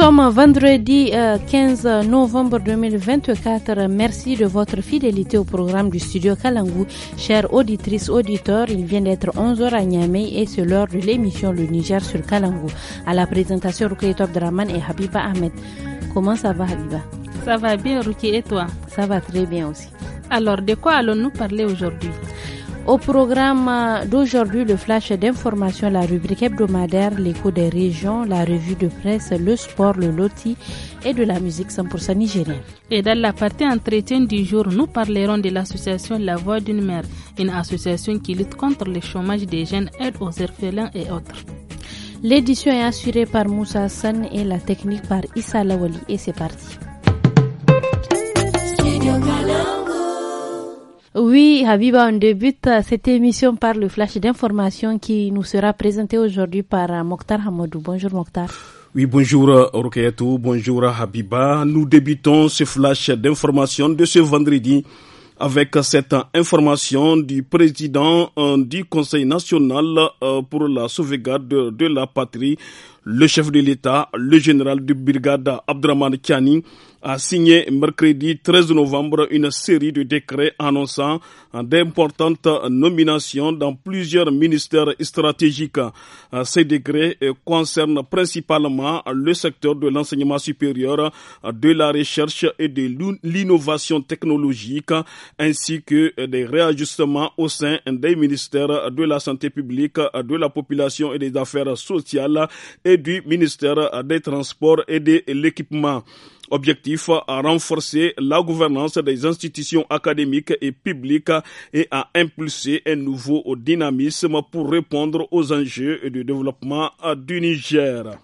sommes vendredi 15 euh, novembre 2024. Merci de votre fidélité au programme du studio Kalangou. chère auditrice, auditeur, il vient d'être 11h à Niamey et c'est l'heure de l'émission Le Niger sur Kalangou. À la présentation, Rukai Draman et Habiba Ahmed. Comment ça va, Habiba Ça va bien, Ruki, et toi Ça va très bien aussi. Alors, de quoi allons-nous parler aujourd'hui au programme d'aujourd'hui, le flash d'information, la rubrique hebdomadaire, l'écho des régions, la revue de presse, le sport, le loti et de la musique 100% nigérienne. Et dans la partie entretien du jour, nous parlerons de l'association La Voix d'une mère, une association qui lutte contre le chômage des jeunes, aide aux orphelins et autres. L'édition est assurée par Moussa Sen et la technique par Issa Lawali. Et c'est parti. Oui, Habiba, on débute cette émission par le flash d'information qui nous sera présenté aujourd'hui par Mokhtar Hamadou. Bonjour Mokhtar. Oui, bonjour euh, Rokayatou, bonjour Habiba. Nous débutons ce flash d'information de ce vendredi avec cette information du président euh, du Conseil national euh, pour la sauvegarde de la patrie, le chef de l'État, le général de brigade Abdraman Kiani, a signé mercredi 13 novembre une série de décrets annonçant d'importantes nominations dans plusieurs ministères stratégiques. Ces décrets concernent principalement le secteur de l'enseignement supérieur, de la recherche et de l'innovation technologique, ainsi que des réajustements au sein des ministères de la santé publique, de la population et des affaires sociales et du ministère des Transports et de l'équipement. Objectif à renforcer la gouvernance des institutions académiques et publiques et à impulser un nouveau dynamisme pour répondre aux enjeux du développement du Niger.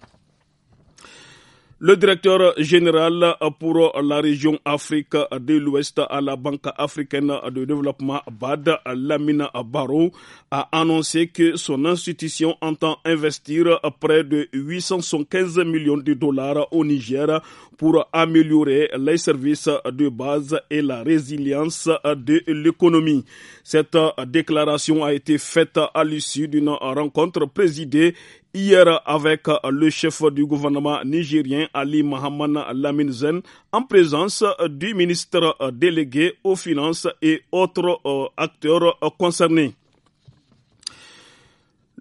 Le directeur général pour la région Afrique de l'Ouest à la Banque africaine de développement BAD, Lamina Barrow, a annoncé que son institution entend investir près de 815 millions de dollars au Niger pour améliorer les services de base et la résilience de l'économie. Cette déclaration a été faite à l'issue d'une rencontre présidée hier avec le chef du gouvernement nigérien Ali Mohamed Laminzen, en présence du ministre délégué aux finances et autres euh, acteurs concernés.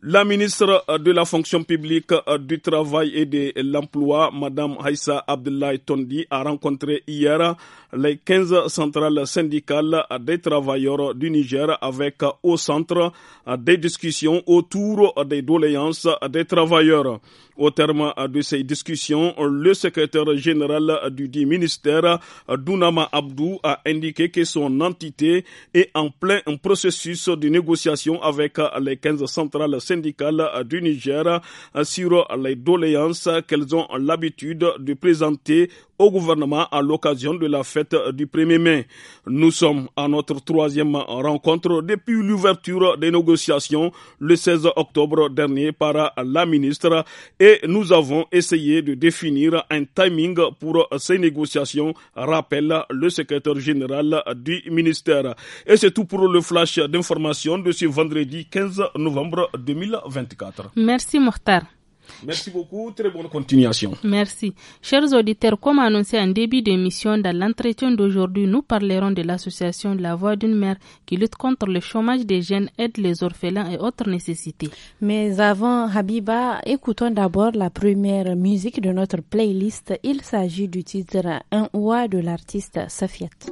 La ministre euh, de la fonction publique, euh, du travail et de l'emploi, Madame Haïssa Abdullah Tondi, a rencontré hier les 15 centrales syndicales des travailleurs du Niger avec euh, au centre des discussions autour des doléances des travailleurs. Au terme de ces discussions, le secrétaire général du ministère, Dunama Abdou, a indiqué que son entité est en plein processus de négociation avec les 15 centrales syndicales du Niger sur les doléances qu'elles ont l'habitude de présenter au gouvernement à l'occasion de la fête du 1er mai. Nous sommes à notre troisième rencontre depuis l'ouverture des négociations le 16 octobre dernier par la ministre et nous avons essayé de définir un timing pour ces négociations, rappelle le secrétaire général du ministère. Et c'est tout pour le flash d'information de ce vendredi 15 novembre 2024. Merci Mokhtar. Merci beaucoup, très bonne continuation. Merci. Chers auditeurs, comme annoncé en début d'émission, dans l'entretien d'aujourd'hui, nous parlerons de l'association La Voix d'une mère qui lutte contre le chômage des jeunes, aide les orphelins et autres nécessités. Mais avant, Habiba, écoutons d'abord la première musique de notre playlist. Il s'agit du titre Un oua de l'artiste Safiette.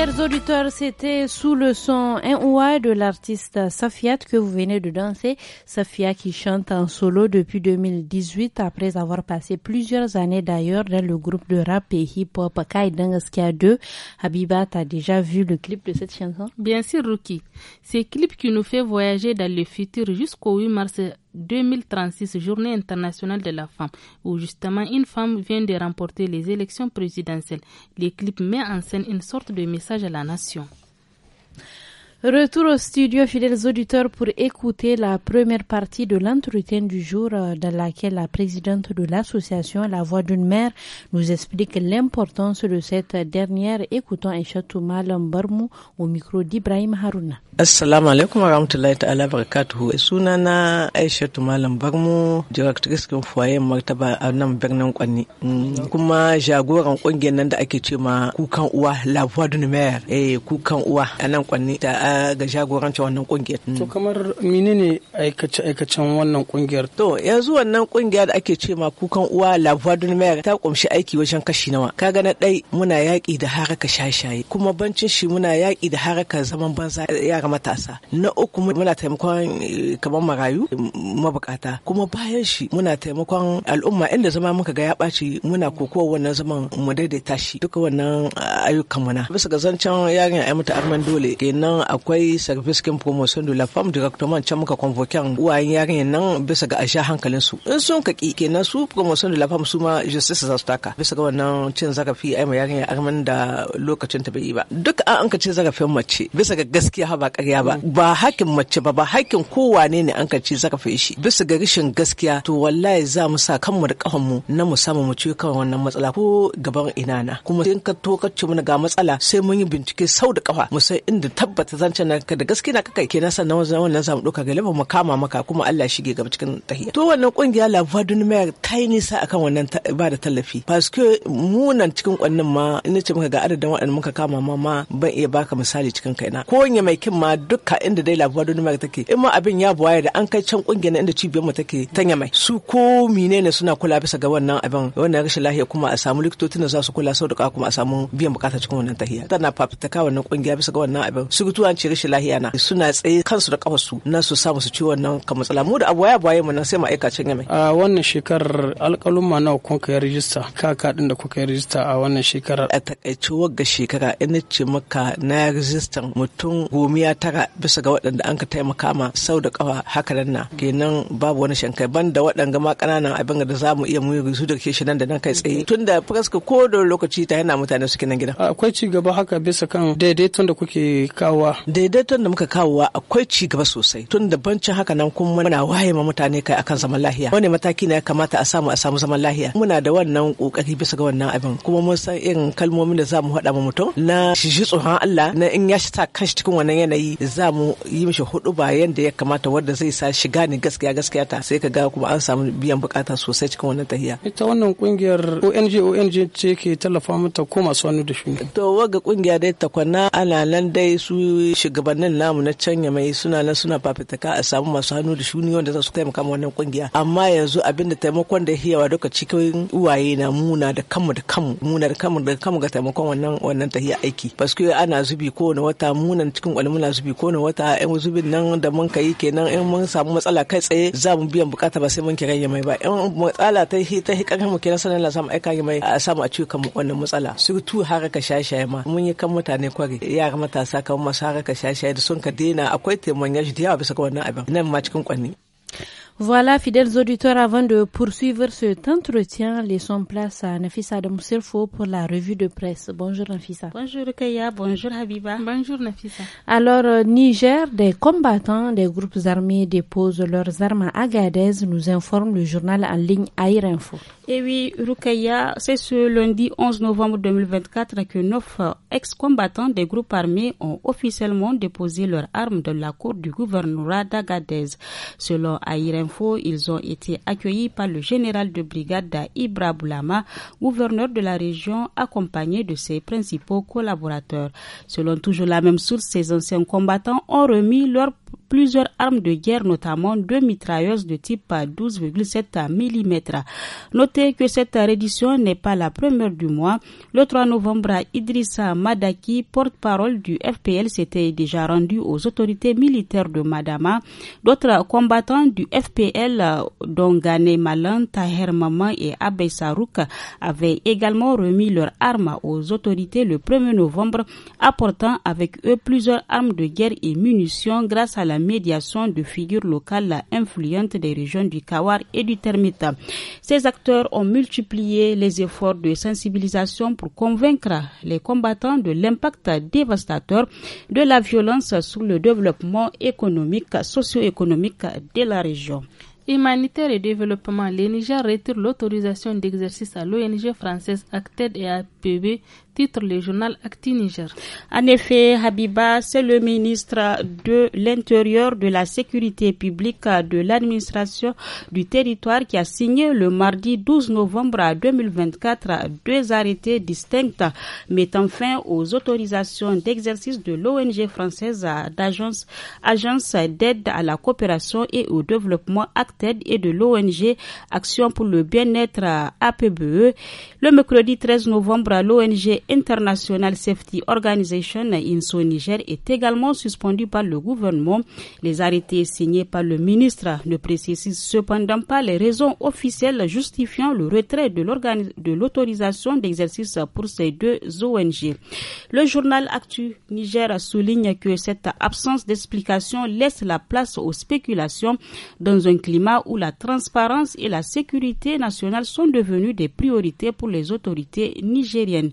Chers auditeurs, c'était sous le son N.O.A. de l'artiste Safiat que vous venez de danser. Safiat qui chante en solo depuis 2018 après avoir passé plusieurs années d'ailleurs dans le groupe de rap et hip-hop Kaidangaskia 2. Habiba, t'as déjà vu le clip de cette chanson? Bien sûr, Rookie. C'est clip qui nous fait voyager dans le futur jusqu'au 8 mars 2036, Journée internationale de la femme, où justement une femme vient de remporter les élections présidentielles. Le clip met en scène une sorte de message à la nation. Retour au studio, fidèles auditeurs, pour écouter la première partie de l'entretien du jour euh, dans laquelle la présidente de l'association La Voix d'une mère nous explique l'importance de cette dernière. Écoutons Echatou Malam au micro d'Ibrahim Harouna. Assalamu alaikum wa rahmatullahi wa barakatuhu. Sunana Aishatu Malam Barmu, directrice kin foyer martaba anam nan Kwani. Kwanni. Mm, kuma jagoran kungiyar nan da ake ce La Voix d'une mère. et eh, kukan uwa Anam Kwani, ga jagorancin wannan kungiyar. To kamar menene aikace-aikacen wannan kungiyar? To yanzu wannan kungiyar da ake cewa ma kukan uwa La Voix ta kumshi aiki wajen kashi nawa. Kaga na ɗai muna yaƙi da haraka shashaye kuma bancin shi muna yaƙi da haraka zaman banza yara matasa. Na uku muna taimakon eh, kamar marayu mabukata kuma bayan shi muna taimakon al'umma inda zama muka ga ya ɓaci muna kokowa wannan zaman mu daidaita shi duka wannan ayyukan muna. Bisa ga zancen yarin ya mata arman dole kenan a akwai service kin promotion de la femme directement can muka convoquer uwayen yarinyar nan bisa ga asha hankalin su in sun kaki kenan su promotion de la femme su ma justice za su taka bisa ga wannan cin zarafi ai ma yarinyar arman da lokacin ta bai ba duk an anka cin zarafin mace bisa ga gaskiya ba ƙarya ba ba hakkin mace ba ba hakkin kowane ne anka ci zarafin shi bisa ga rashin gaskiya to wallahi za mu sa kanmu da mu na mu samu mu ciwo kan wannan matsala ko gaban na. kuma in ka to ka ci ga matsala sai mun yi bincike sau da kafa mu sai inda tabbata zancen nan da gaske na kakai kenan sannan wannan zamu duka ga mu kama maka kuma Allah shige gaba cikin tahiya to wannan kungiya La vadun mai Numérique ta yi nisa akan wannan ba da tallafi paske mu nan cikin kwannin ma in ce muka ga adadin waɗanda muka kama ma ma ban iya baka misali cikin kaina ko wanne mai kin ma duka inda dai La vadun mai take in ma abin ya buwaye da an kai can kungiyar inda cibiyar mu take tanya mai su ko menene suna kula bisa ga wannan abin wannan rashin lafiya kuma a samu likitocin da za su kula sau da kuma a samu biyan bukata cikin wannan tahiya tana fafitaka wannan kungiya bisa ga wannan abin su gutuwa ce rashin lahiya na suna tsaye kansu da kafasu na su samu su ci wannan ka matsala mu da abu ya baye mu nan sai ma'aikacin yamai. a wannan shekarar ma nawa kun kai rijista ka din da kuka yi rijista a wannan shekarar. a takaice wagga shekara in ce maka na rijistan mutum gomiya tara bisa ga waɗanda an ka taimaka ma sau da kafa haka nan na kenan babu wani shankai ban da waɗanda ma ƙananan abin da za mu iya mu yi su da ke shi nan da nan kai tsaye mm-hmm. tun da fuska ko da lokaci ta yana mutane suke nan gida. akwai ci gaba haka bisa kan daidaiton da kuke kawa daidaiton da muka kawowa akwai ci gaba sosai tun da bancin haka nan kuma muna waye ma mutane kai akan zaman lahiya wani mataki ne ya kamata a samu a samu zaman lahiya muna da wannan kokari bisa ga wannan abin kuma mun san irin kalmomin da zamu haɗa ma mutum na shi tsohon Allah na in ya shi ta kanshi cikin wannan yanayi zamu yi mishi hudu ba yanda ya kamata wanda zai sa shiga ne gaskiya gaskiya ta sai ka ga kuma an samu biyan bukata sosai cikin wannan tahiya ita wannan kungiyar ONG ONG ce ke tallafa mata ko masu wani da shi to waga kungiya dai kwana ana nan dai su shugabannin namu na can mai suna nan suna fafitaka a samu masu hannu da shuni wanda za su taimaka ma wannan kungiya amma yanzu abin da taimakon da hiyawa duka cikin uwaye na muna da kanmu da kanmu muna da kanmu da kanmu ga taimakon wannan wannan tahiya aiki paske ana zubi ko na wata munan cikin kwalmu na zubi ko na wata yan zubin nan da mun kai kenan in mun samu matsala kai tsaye za mu biyan bukata ba sai mun kira mai ba in matsala ta hi ta hi mu kenan sanan la samu aika mai a samu a ciwo kan wannan matsala tu har ka shashaye ma mun yi kan mutane kwari yara matasa kan masu har ka sha shayar da sun ka daina akwai taimon yashi da yawa bisa ga wannan abin nan ma cikin kwanni Voilà, fidèles auditeurs, avant de poursuivre cet entretien, laissons place à Nafisa Adam pour la revue de presse. Bonjour Nafisa. Bonjour Rukaya. bonjour Habiba. Bonjour Nafisa. Alors, euh, Niger, des combattants des groupes armés déposent leurs armes à Agadez, nous informe le journal en ligne Air Info. Et eh oui, Rukaya, c'est ce lundi 11 novembre 2024 que neuf euh, ex-combattants des groupes armés ont officiellement déposé leurs armes dans la cour du gouvernorat d'Agadez. Selon Air ils ont été accueillis par le général de brigade Ibra Boulama, gouverneur de la région, accompagné de ses principaux collaborateurs. Selon toujours la même source, ces anciens combattants ont remis leur plusieurs armes de guerre, notamment deux mitrailleuses de type 12,7 mm. Notez que cette reddition n'est pas la première du mois. Le 3 novembre, Idrissa Madaki, porte-parole du FPL, s'était déjà rendu aux autorités militaires de Madama. D'autres combattants du FPL, dont Gane Malan, Taher Maman et Abey Sarouk, avaient également remis leurs armes aux autorités le 1er novembre, apportant avec eux plusieurs armes de guerre et munitions grâce à la médiation de figures locales influentes des régions du Kawar et du Termita. Ces acteurs ont multiplié les efforts de sensibilisation pour convaincre les combattants de l'impact dévastateur de la violence sur le développement économique, socio-économique de la région. Humanitaire et développement, le retire l'autorisation d'exercice à l'ONG française Acted et APB titre le journal Acti Niger. En effet, Habiba, c'est le ministre de l'Intérieur, de la Sécurité publique, de l'administration du territoire qui a signé le mardi 12 novembre 2024 deux arrêtés distincts mettant fin aux autorisations d'exercice de l'ONG française d'agence d'aide à la coopération et au développement ACTED et de l'ONG Action pour le bien-être APBE. Le mercredi 13 novembre, l'ONG International Safety Organization, INSO Niger, est également suspendu par le gouvernement. Les arrêtés signés par le ministre ne précisent cependant pas les raisons officielles justifiant le retrait de l'autorisation d'exercice pour ces deux ONG. Le journal Actu Niger souligne que cette absence d'explication laisse la place aux spéculations dans un climat où la transparence et la sécurité nationale sont devenues des priorités pour les autorités nigériennes.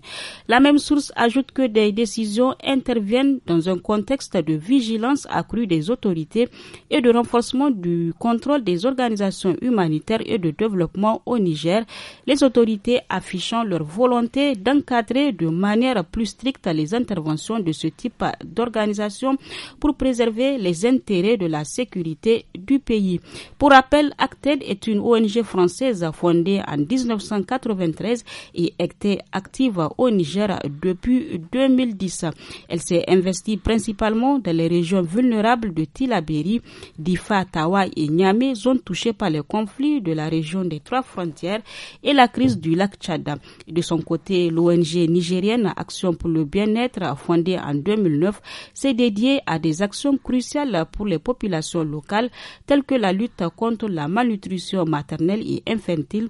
La même source ajoute que des décisions interviennent dans un contexte de vigilance accrue des autorités et de renforcement du contrôle des organisations humanitaires et de développement au Niger, les autorités affichant leur volonté d'encadrer de manière plus stricte les interventions de ce type d'organisation pour préserver les intérêts de la sécurité du pays. Pour rappel, Acted est une ONG française fondée en 1993 et était active au Niger depuis 2010. Elle s'est investie principalement dans les régions vulnérables de Tilaberi, Difa, Tawa et Niamey, zones touchées par les conflits de la région des trois frontières et la crise du lac Tchad. De son côté, l'ONG nigérienne Action pour le bien-être, fondée en 2009, s'est dédiée à des actions cruciales pour les populations locales, telles que la lutte contre la malnutrition maternelle et infantile,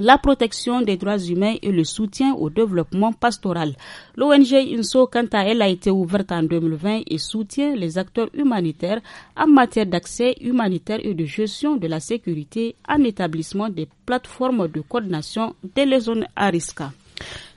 la protection des droits humains et le soutien au développement pastoral. L'ONG INSO, quant à elle, a été ouverte en 2020 et soutient les acteurs humanitaires en matière d'accès humanitaire et de gestion de la sécurité en établissement des plateformes de coordination des zones à risque.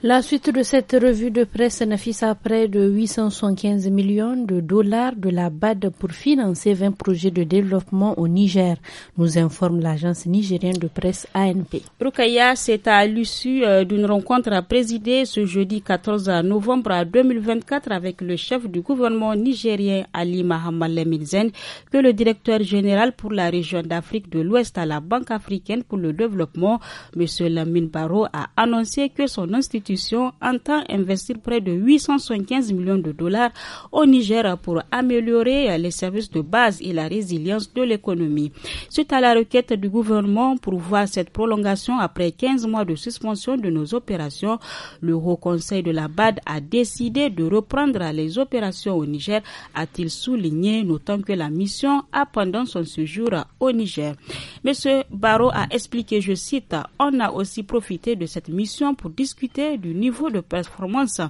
La suite de cette revue de presse à près de 875 millions de dollars de la BAD pour financer 20 projets de développement au Niger, nous informe l'agence nigérienne de presse ANP. Rukaya, c'est à l'issue euh, d'une rencontre à présider ce jeudi 14 novembre 2024 avec le chef du gouvernement nigérien Ali Mahamal Lemilzen que le directeur général pour la région d'Afrique de l'Ouest à la Banque africaine pour le développement, M. Lamine Barro, a annoncé que son l'institution entend investir près de 875 millions de dollars au Niger pour améliorer les services de base et la résilience de l'économie. Suite à la requête du gouvernement pour voir cette prolongation après 15 mois de suspension de nos opérations, le Haut Conseil de la BAD a décidé de reprendre les opérations au Niger, a-t-il souligné, notant que la mission a pendant son séjour au Niger. Monsieur barreau a expliqué, je cite, on a aussi profité de cette mission pour discuter du niveau de performance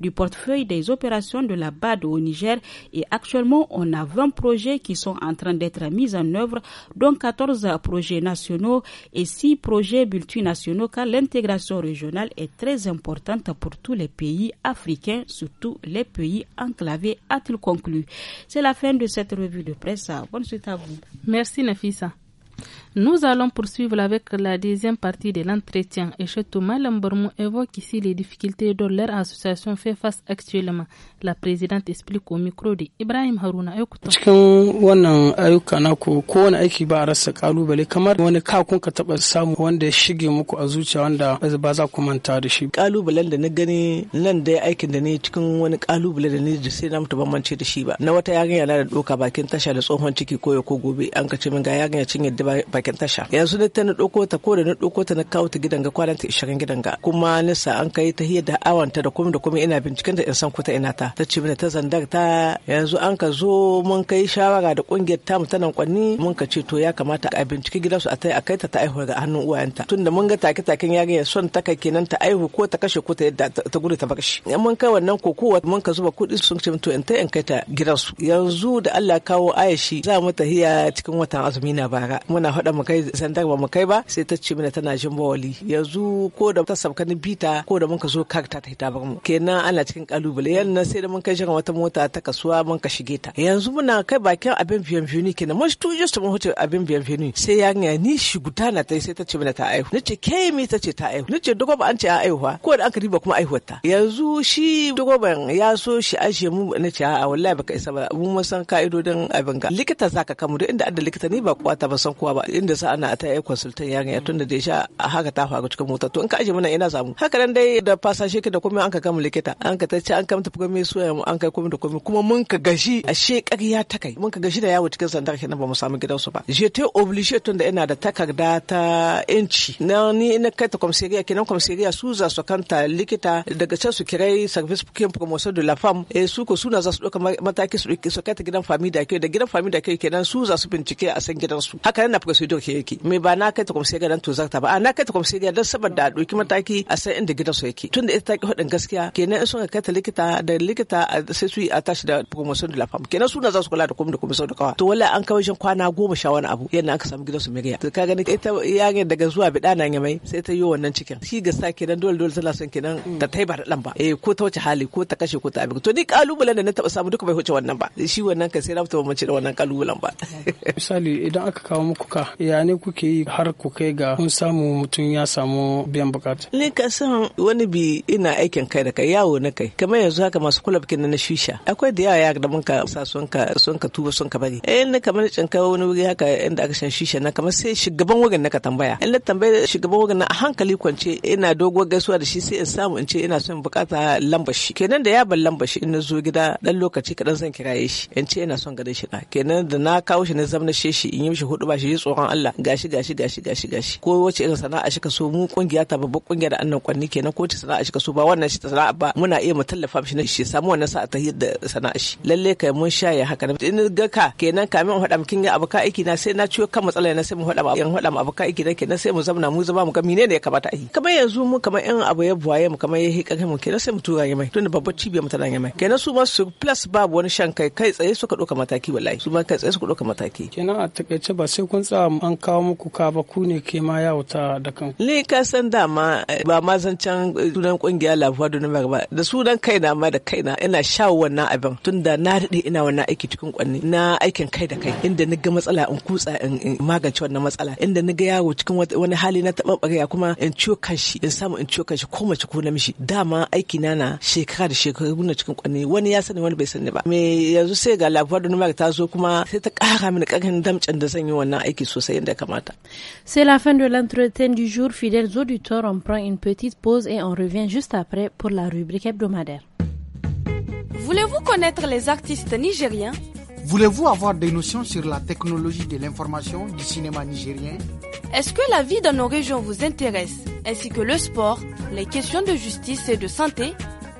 du portefeuille des opérations de la BAD au Niger et actuellement on a 20 projets qui sont en train d'être mis en œuvre, dont 14 projets nationaux et 6 projets multinationaux car l'intégration régionale est très importante pour tous les pays africains, surtout les pays enclavés, a-t-il conclu. C'est la fin de cette revue de presse. Bonne suite à vous. Merci Nafisa. Nous allons poursuivre avec la deuxième partie de l'entretien. Et chez Thomas évoque ici les difficultés dont leur association fait face actuellement. La présidente explique au micro de Ibrahim Haruna. Cikin wannan ayyuka na ko kowane aiki ba rasa kalubale kamar wani ka kun ka taba samu wanda ya shige muku a zuciya wanda ba za ku manta da Kalubalen da na gani nan dai aikin da ne cikin wani kalubale da ne da sai na mutu bambance da shi ba. Na wata yarinya na da doka bakin tasha da tsohon ciki koyo ko gobe an kace min ga yarinya cin yadda bakin bakin tasha yanzu ne ta na ɗauko ta ko da na ɗauko ta na kawo ta gidan ga kwanan ishirin gidan ga kuma nisa an kai ta hiyar da awanta da kuma da kuma ina binciken da in san ko ta ina ta ta ce mini ta zandar ta yanzu an ka zo mun kai shawara da kungiyar tamu ta nan kwanni mun ka ce to ya kamata a binciki gidansu a tai a kai ta ta aihu ga hannun uwayenta tunda mun ga take taken yarinyar son ta kai kenan ta aihu ko ta kashe ko ta yadda ta gudu ta bar shi mun kai wannan kokowa mun ka zuba kuɗi sun ce to in ta in kai ta gidansu yanzu da Allah kawo Aishi za mu hiya cikin watan azumi na bara muna hada mu kai sandar ba mu kai ba sai ta ce mana tana jin bawali yanzu ko da ta sabka ni bita ko da mun ka zo kar ta ta bar mu kenan ana cikin kalubale yan nan sai da mun kai shirin wata mota ta kasuwa mun ka shige ta yanzu muna kai bakin abin biyan biyu ne kenan mun tu just mun hoto abin biyan biyu ne sai yanya ni shi guta na ta sai ta ce mana ta aihu ni ce ke mi ta ce ta aihu ni ce dogo ba an ce a aihuwa ko da an ka riba kuma aihuwar ta yanzu shi dogo ba ya so shi ashe mu ni ce a wallahi baka isa ba mun san ka'idodin abin ga likita zaka kamu duk inda adda likita ni ba kwata ba san kowa ba inda sa ana ta yi consultant ya ganya tunda da ya sha a haka ta faru cikin mota to in ka aje mana ina zamu haka nan dai da fasashe ka da komai an ka gama likita an ka tace an kamta komai soya mu an kai komai da komai kuma mun ka gashi a she ƙarya ta kai mun ka gashi da yawo cikin sandar kenan ba mu samu gidan su ba je te oblige tunda ina da takarda ta inci na ni ina kai ta komisariya kenan komisariya su za su kanta likita daga can su kirai service kin promotion de la femme eh su ko suna za su ɗauka mataki su kai ta gidan fami da kyau da gidan fami da kai kenan su za su bincike a san gidan su haka nan na fuka ke yake me ba na kai ta kwamsiyar to zakta ba a na kai ta kwamsiyar dan saboda a doki mataki a san inda gidan su yake tunda ita ta ki hudin gaskiya kenan in sun kai ta likita da likita sai su yi a tashi da promotion de la femme kenan su na za su kula da komai da komai sau da kawa to wallahi an kawo kwana goma sha wani abu yadda aka samu gidan gidansu miriya to ka gani ita yarinya daga zuwa bida nan ya mai sai ta yi wannan cikin shi gasa kenan dole dole tana son kenan ta taiba da dan ba eh ko ta wuce hali ko ta kashe ko ta abin to ni kalubalen da na taba samu duka bai huce wannan ba shi wannan ka sai na fita mace da wannan kalubalen ba misali idan aka kawo muku ka ya ne kuke yi har ku kai ga kun samu mutum ya samu biyan bukata ni ka san wani bi ina aikin kai da kai yawo na kai kamar yanzu haka masu kula bikin na shisha akwai da yawa ya da mun ka sa sun ka sun ka tuba sun ka bari eh na kamar cinka wani wuri haka inda aka shan shisha na kamar sai shugaban wagan na ka tambaya in na tambaya shugaban wagan na a hankali kwance ina dogo gaisuwa da shi sai in samu in ce ina son bukata lambar shi kenan da ya ban lambar shi in na zo gida dan lokaci kadan zan kiraye shi in ce ina son ganin shi kenan da na kawo shi na zamna shi in yi mishi hudu ba shi tsoron tsoron Allah gashi gashi gashi gashi gashi ko wace irin sana'a shi ka so mu kungiya ta babban kungiya da annan kwanni kenan ko ta sana'a shi ka so ba wannan shi sana'a ba muna iya mu tallafa mishi na shi samu wannan sa'a ta yadda sana'a shi lalle kai mun shaye haka na in ga ka kenan kamin in faɗa kinga abu ka aiki na sai na ciwo kan matsala na sai mu faɗa in faɗa mu ka aiki na kenan sai mu zamna mu zama mu ga menene ya kamata a yi kamar yanzu mu kamar in abu ya buwaye mu kamar ya hika mu kenan sai mu tura ya mai tunda babban cibiyar mu tana ya mai kenan su ma su plus babu wani shan kai kai tsaye suka ɗauka mataki wallahi su ma kai tsaye suka ɗauka mataki kenan a takaice ba sai kun tsaya an kawo muku ka ba ku ne ke ma ya wuta da kan ni ka san dama eh, ba ma zan can eh, sunan kungiya lafuwa da ba da sunan kaina ma da kaina ina shawo wannan abin tunda na daɗe ina wannan aiki cikin kwanni na aikin kai da kai inda ni ga matsala in kutsa in magance wannan matsala inda ni ga yawo cikin wani hali na taɓa ɓarya kuma in ciwo kanshi in samu in ciwo kanshi ko mace ko namiji dama aiki na na shekara da shekara guna cikin kwanni wani ya sani wani bai sani ba me yanzu sai ga lafuwa don ta zo kuma sai ta ƙara mini ƙarfin damcen da zan yi wannan aiki sosai C'est la fin de l'entretien du jour. Fidèles auditeurs, on prend une petite pause et on revient juste après pour la rubrique hebdomadaire. Voulez-vous connaître les artistes nigériens Voulez-vous avoir des notions sur la technologie de l'information du cinéma nigérien Est-ce que la vie dans nos régions vous intéresse, ainsi que le sport, les questions de justice et de santé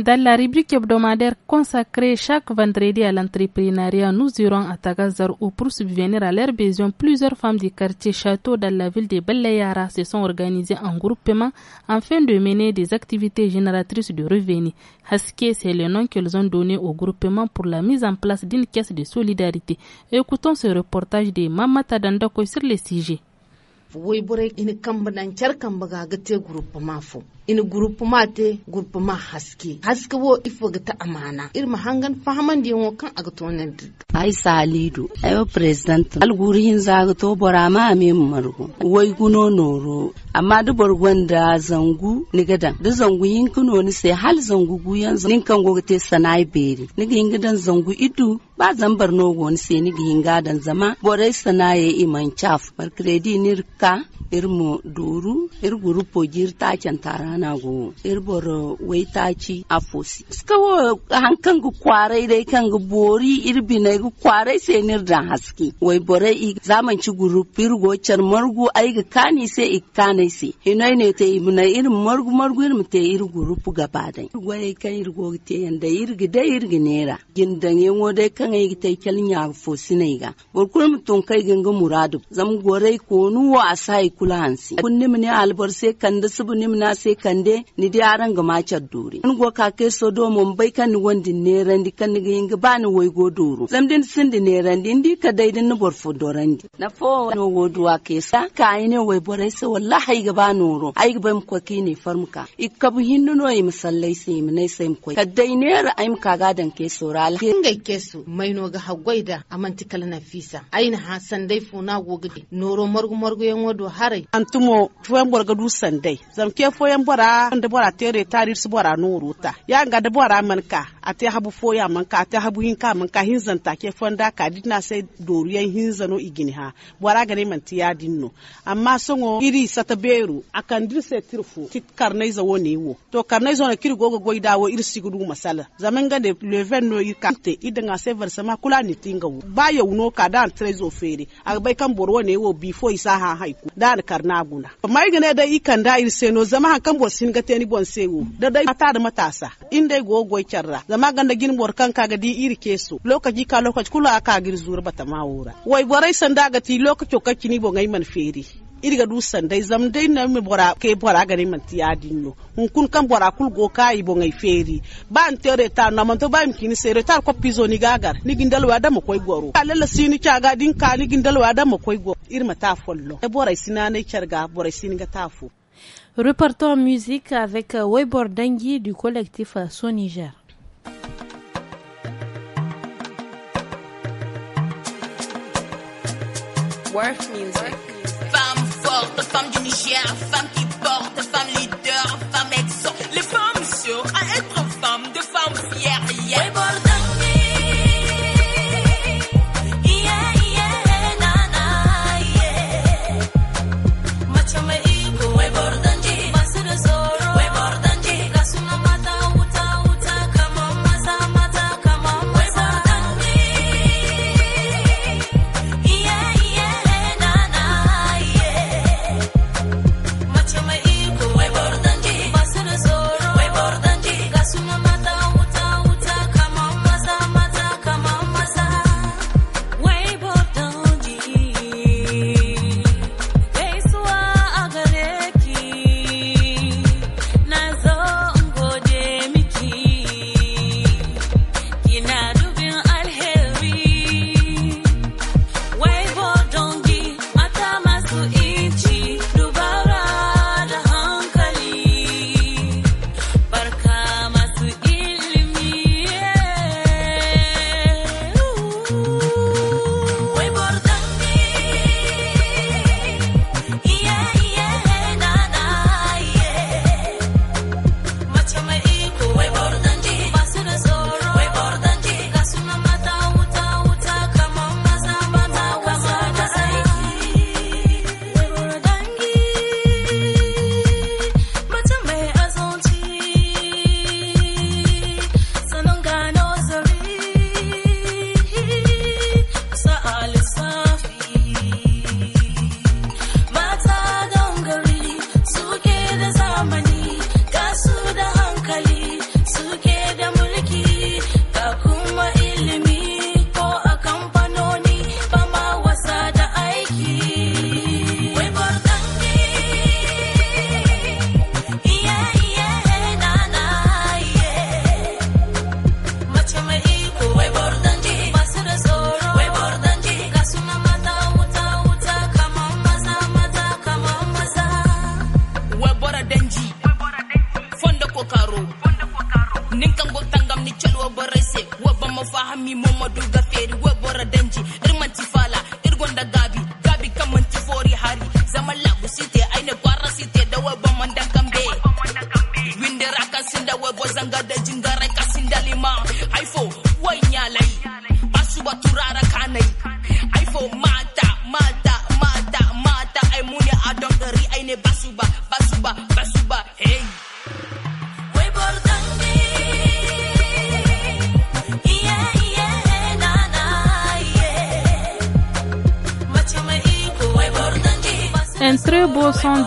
Dans la rubrique hebdomadaire consacrée chaque vendredi à l'entrepreneuriat, nous irons à Tagazar où pour subvenir à leurs besoins, plusieurs femmes du quartier Château dans la ville de Belayara se sont organisées en groupement afin de mener des activités génératrices de revenus. Haske, c'est le nom qu'elles ont donné au groupement pour la mise en place d'une caisse de solidarité. Écoutons ce reportage de Mamata Dandoko sur le sujet. in group mate gurupu ma haske haske wo ifo gata amana irma hangan fahaman di wo kan agato tonen ai salido ayo president alguri hin zaga to borama me margo wai guno noro amma da borgon da zangu ni gadan da zangu yin kuno ni sai hal zangu guyan nin kan go te sanai beri ni gin gadan zangu idu ba zambar nogo ni sai ni gin gadan zama borai sanaye iman chaf bar credit nirka irmu duru ir grupo jirta kan taran nago irbor waitaci afosi skawo hankan gu kwarai dai kan gu bori irbi na gu kwarai sai da haske wai bore i zaman ci guru firgo char margu ai ga kani sai i kani sai hinai ne te ibna irin margu margu irin te ir guru pu gaba dai wai kan irgo te yanda irgi dai irgi nera gindan wo dai kan ai te kelnya fosi ne ga bor kulum tun kai gu muradu zam gore ko nuwa sai kula hansi mun nimne albar sai kan da subu nimna sai kande ni di aran ga macar duri ni go ka ke so do mon bai kan ni wondi ne randi kan ni ginga ba ni wai go duru zam din sin di ne randi ndi ka dai din bor fu do randi na fo no wo duwa ke sa ka ine bor ai so wallahi ga ba noro ai ga bam ko ki ne farmka bu hinno no yi musallai sai mu nai sai mu ka dai ne ra ai ka ga dan ke so ra kinga ke so mai no ga hagwai da amanti kala na fisa ai na hasan dai na go ga noro margu margu yan wado harai antumo yan bor ga du sandai zam ke fo yan bor bora da bora tere tarir su bora no ruta ya ga da bora manka a te habu foya manka a habu hinka manka hinzan ta ke fonda ka didna sai doriyan hinzano igini ha bora ga ne man tiya dinno amma songo iri sata beru akan dir se tirfu kit karnai zawo wo to karnai zo na kiri go goi dawo iri sigudu masala zaman ga de leven no yikante idanga se versama kula ni tinga wo ba ya uno ka dan trezo fere a bai kan borwo ne wo before isa ha haiku dan karna guna mai ga ne da ikanda da iri zama kan bor singa teni bon sewu da dai ata da matasa inde go go charra zama ganda gin bor kan ga di iri kesu lokaci ka lokaci kula aka gir zura bata mawura wai borai sanda ga ti lokaci ka kini bo ngai man feri iri ga du sandai zam dai na mi bora ke bora ga ni man ti adin no hun kun kan bora kul go kai bo ngai feri ba an antere ta na man to ba mi kini sere ta ko pizo ni gagar ni gindal wa da mo koy goru ala la sinu cha ga din ka ni gindal wa da mo koy go irma ta follo e borai sinane charga borai sin ga tafu Repartons en musique avec euh, Weibor Dengui du collectif euh, Son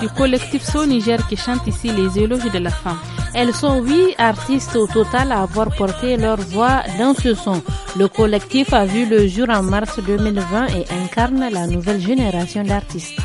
du collectif So Niger qui chante ici les éloges de la femme. Elles sont huit artistes au total à avoir porté leur voix dans ce son. Le collectif a vu le jour en mars 2020 et incarne la nouvelle génération d'artistes.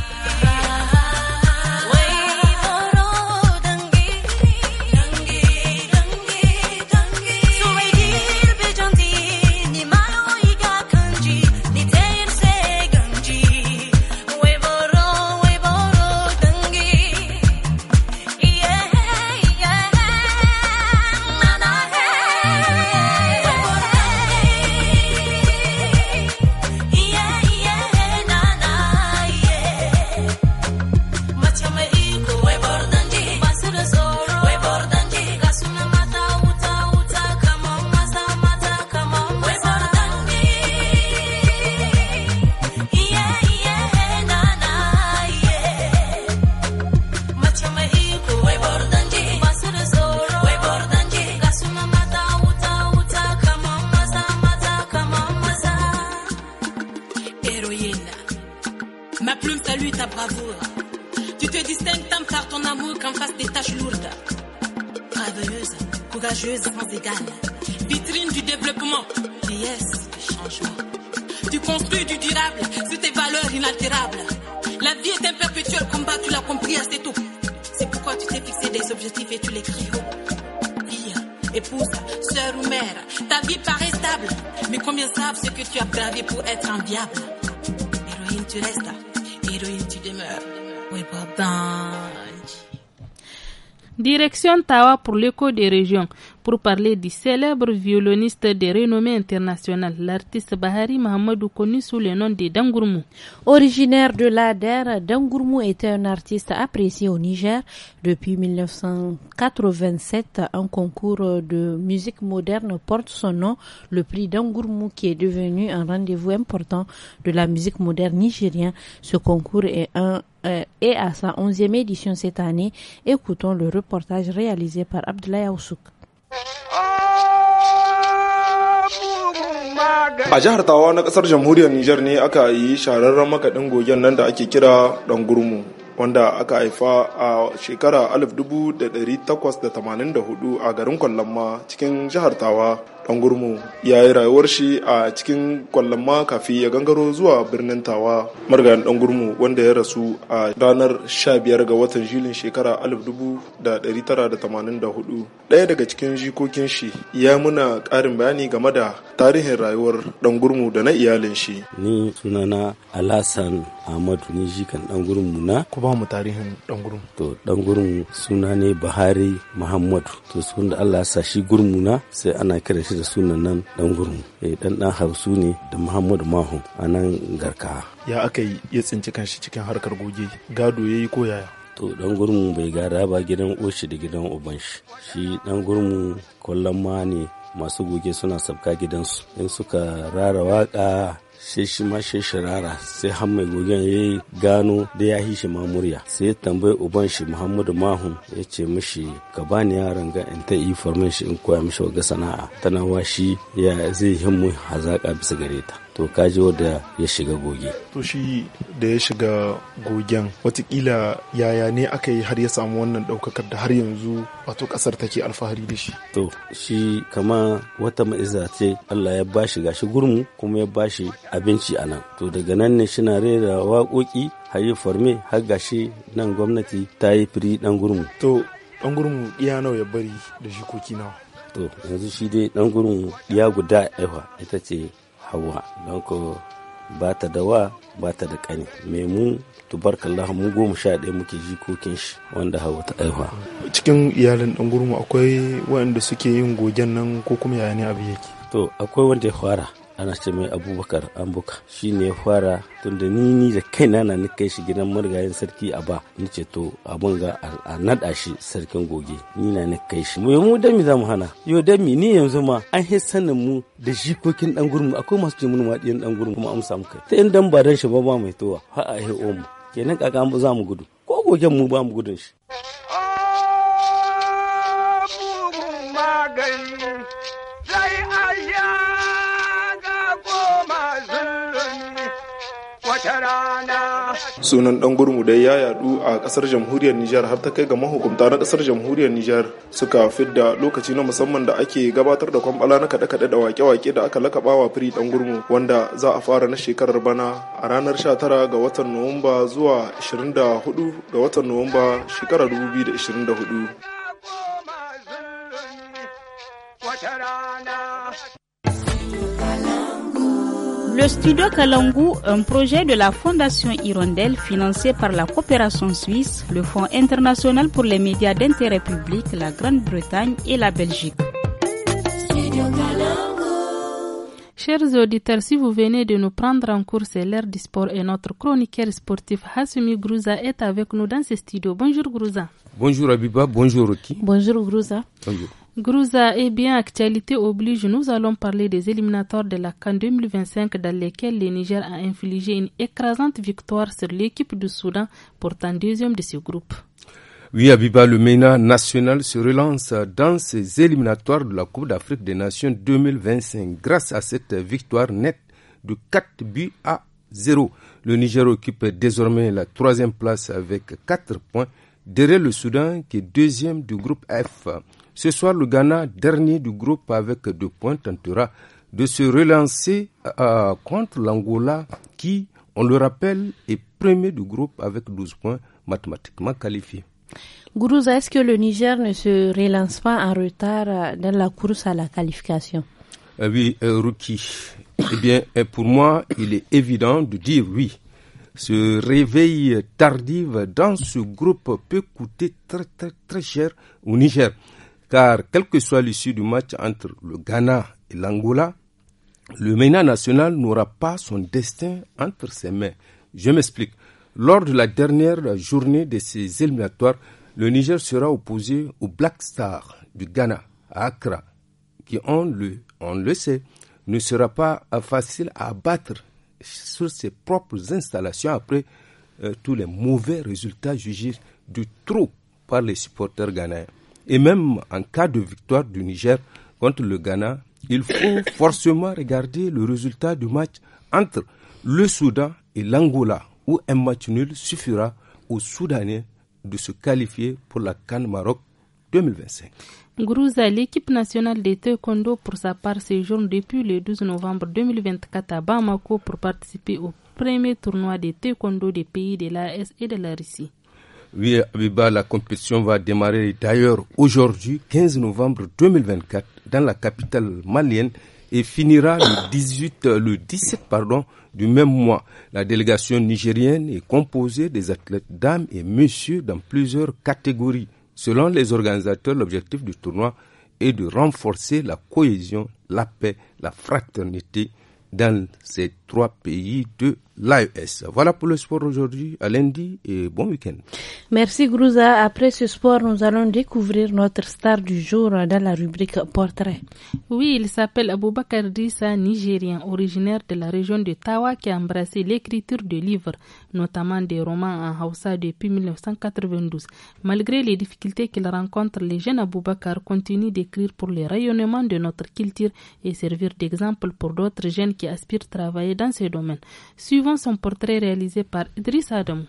Direction Tawa pour l'écho des régions pour parler du célèbre violoniste de renommée internationale, l'artiste Bahari Mahamadou, connu sous le nom de Dangourmou. Originaire de l'Ader, Dangourmou était un artiste apprécié au Niger depuis 1987. Un concours de musique moderne porte son nom, le prix Dangourmou, qui est devenu un rendez-vous important de la musique moderne nigérienne. Ce concours est euh, à sa 11e édition cette année. Écoutons le reportage réalisé par Abdoulaye Aoussouk. a jihar tawa na kasar jamhuriyar niger ne aka yi shahararren makaɗin gogen nan da ake kira ɗan gurmu wanda aka haifa a shekara 1884 a garin kwallon cikin jihar tawa dan gurmu ya yi rayuwar shi a cikin kwallon ma kafi ya gangaro zuwa birnin tawa margayan dan gurmu wanda ya rasu a ranar 15 ga watan julin shekara 1984 ɗaya daga cikin jikokin shi ya muna ƙarin bayani game da tarihin rayuwar dan gurmu da na iyalin shi ni sunana alasan ahmadu ni jikan dan gurmu na ku ba mu tarihin dan gurmu to dan gurmu suna ne buhari muhammadu to sun da allah sa shi gurmu na sai ana kiran shi shi da sunan nan dan eh dan dan hausu ne da muhammadu mahu a nan garka ya aka yi ya tsinci kanshi cikin harkar goge gado ya yi ko yaya to dan gurmu bai gara ba gidan oshi da gidan uban shi shi dan gurmu kwallon ma ne masu goge suna sabka gidansu in suka rara waka sai shi ma shi shirara sai har mai gogen ya gano da ya shi ma murya sai tambayi uban shi muhammadu mahun ya ce mishi ka bani yaron ga in ta yi farmin shi in koya mishi waga sana'a tana wa shi ya zai himmu hazaka bisa gare ta to kaji wadda ya shiga goge to shi da ya shiga gogen watakila yaya ne aka yi har ya samu wannan daukakar da har yanzu wato kasar take alfahari da shi to shi kama wata ma'iza ce Allah ya bashi gashi gurmu kuma ya bashi abinci a nan to daga nan ne shi na rera waƙoƙi har yi farme har gashi nan gwamnati ta yi firi ɗan gurmu to ɗan gurmu iya nawa ya bari da jikoki nawa to yanzu shi dai ɗan gurmu ya guda aiwa ita ce hawa don ko ba ta da wa ba ta da kani mai mu tubarkallah mu goma sha ɗaya muke jikokin shi wanda hawa ta aihuwa cikin iyalin ɗan gurmu akwai waɗanda suke yin gogen nan ko kuma yaya ne abu yake to akwai wanda ya fara ana ce mai abubakar ambuka shi ne ya fara tunda ni ni da kaina na ni kai shi gidan marigayen sarki a ba ni ce to abin ga a naɗa shi sarkin goge ni na ni kai shi mu dami za mu hana yau dami ni yanzu ma an hi sanin mu da jikokin dan gurmu akwai masu jimin maɗiyan dan gurmu kuma amsa muka ta yin dan ba dan shi ba ba mai towa ha a yi omu kenan kaka za mu gudu ko gogen mu ba mu gudun shi. Oh, sunan dan gurmu dai ya yadu a kasar jamhuriyar Nijar har ta kai ga mahukunta na kasar jamhuriyar Nijar suka fidda lokaci na musamman da ake gabatar da kwambala na kaɗe-kaɗe da wake-wake da aka lakaɓa wa firi dan gurmu wanda za a fara na shekarar bana a ranar 19 ga watan Nuwamba zuwa 24 ga watan Nuwamba shekarar 2024. Le studio Kalangu, un projet de la Fondation Hirondelle financé par la coopération suisse, le Fonds international pour les médias d'intérêt public, la Grande-Bretagne et la Belgique. Chers auditeurs, si vous venez de nous prendre en cours, c'est l'heure du sport et notre chroniqueur sportif Hassumi Grouza est avec nous dans ce studio. Bonjour Grouza. Bonjour Abiba, bonjour Rocky. Bonjour Grouza. Bonjour. Grouza, eh bien, actualité oblige, nous allons parler des éliminatoires de la CAN 2025 dans lesquels le Niger a infligé une écrasante victoire sur l'équipe du Soudan, pourtant deuxième de ce groupe. Oui, Abiba, le MENA national se relance dans ses éliminatoires de la Coupe d'Afrique des Nations 2025 grâce à cette victoire nette de 4 buts à 0. Le Niger occupe désormais la troisième place avec 4 points derrière le Soudan qui est deuxième du groupe F. Ce soir, le Ghana, dernier du groupe avec deux points, tentera de se relancer euh, contre l'Angola qui, on le rappelle, est premier du groupe avec 12 points mathématiquement qualifiés. Gourouza, est-ce que le Niger ne se relance pas en retard euh, dans la course à la qualification euh, Oui, Ruki. eh bien, pour moi, il est évident de dire oui. Ce réveil tardif dans ce groupe peut coûter très très très cher au Niger car quelle que soit l'issue du match entre le Ghana et l'Angola, le MENA national n'aura pas son destin entre ses mains. Je m'explique. Lors de la dernière journée de ces éliminatoires, le Niger sera opposé au Black Star du Ghana à Accra, qui, on le, sait, ne sera pas facile à battre sur ses propres installations après euh, tous les mauvais résultats jugés du trop par les supporters ghanéens. Et même en cas de victoire du Niger contre le Ghana, il faut forcément regarder le résultat du match entre le Soudan et l'Angola, où un match nul suffira aux Soudanais de se qualifier pour la Cannes Maroc 2025. Grouza, l'équipe nationale des taekwondo pour sa part séjourne depuis le 12 novembre 2024 à Bamako pour participer au premier tournoi des taekwondo des pays de l'AS et de la Russie. Oui, Abiba, la compétition va démarrer d'ailleurs aujourd'hui, 15 novembre 2024, dans la capitale malienne et finira le 18, le 17, pardon, du même mois. La délégation nigérienne est composée des athlètes dames et messieurs dans plusieurs catégories. Selon les organisateurs, l'objectif du tournoi est de renforcer la cohésion, la paix, la fraternité dans cette trois pays de l'AES. Voilà pour le sport aujourd'hui, à lundi et bon week-end. Merci Grouza. Après ce sport, nous allons découvrir notre star du jour dans la rubrique portrait. Oui, il s'appelle Aboubakar Dissa, nigérien, originaire de la région de Tawa qui a embrassé l'écriture de livres, notamment des romans en Hausa depuis 1992. Malgré les difficultés qu'il rencontre, les jeunes Aboubakar continuent d'écrire pour le rayonnement de notre culture et servir d'exemple pour d'autres jeunes qui aspirent à travailler dans ce domaine. Suivant son portrait réalisé par Idriss Adam,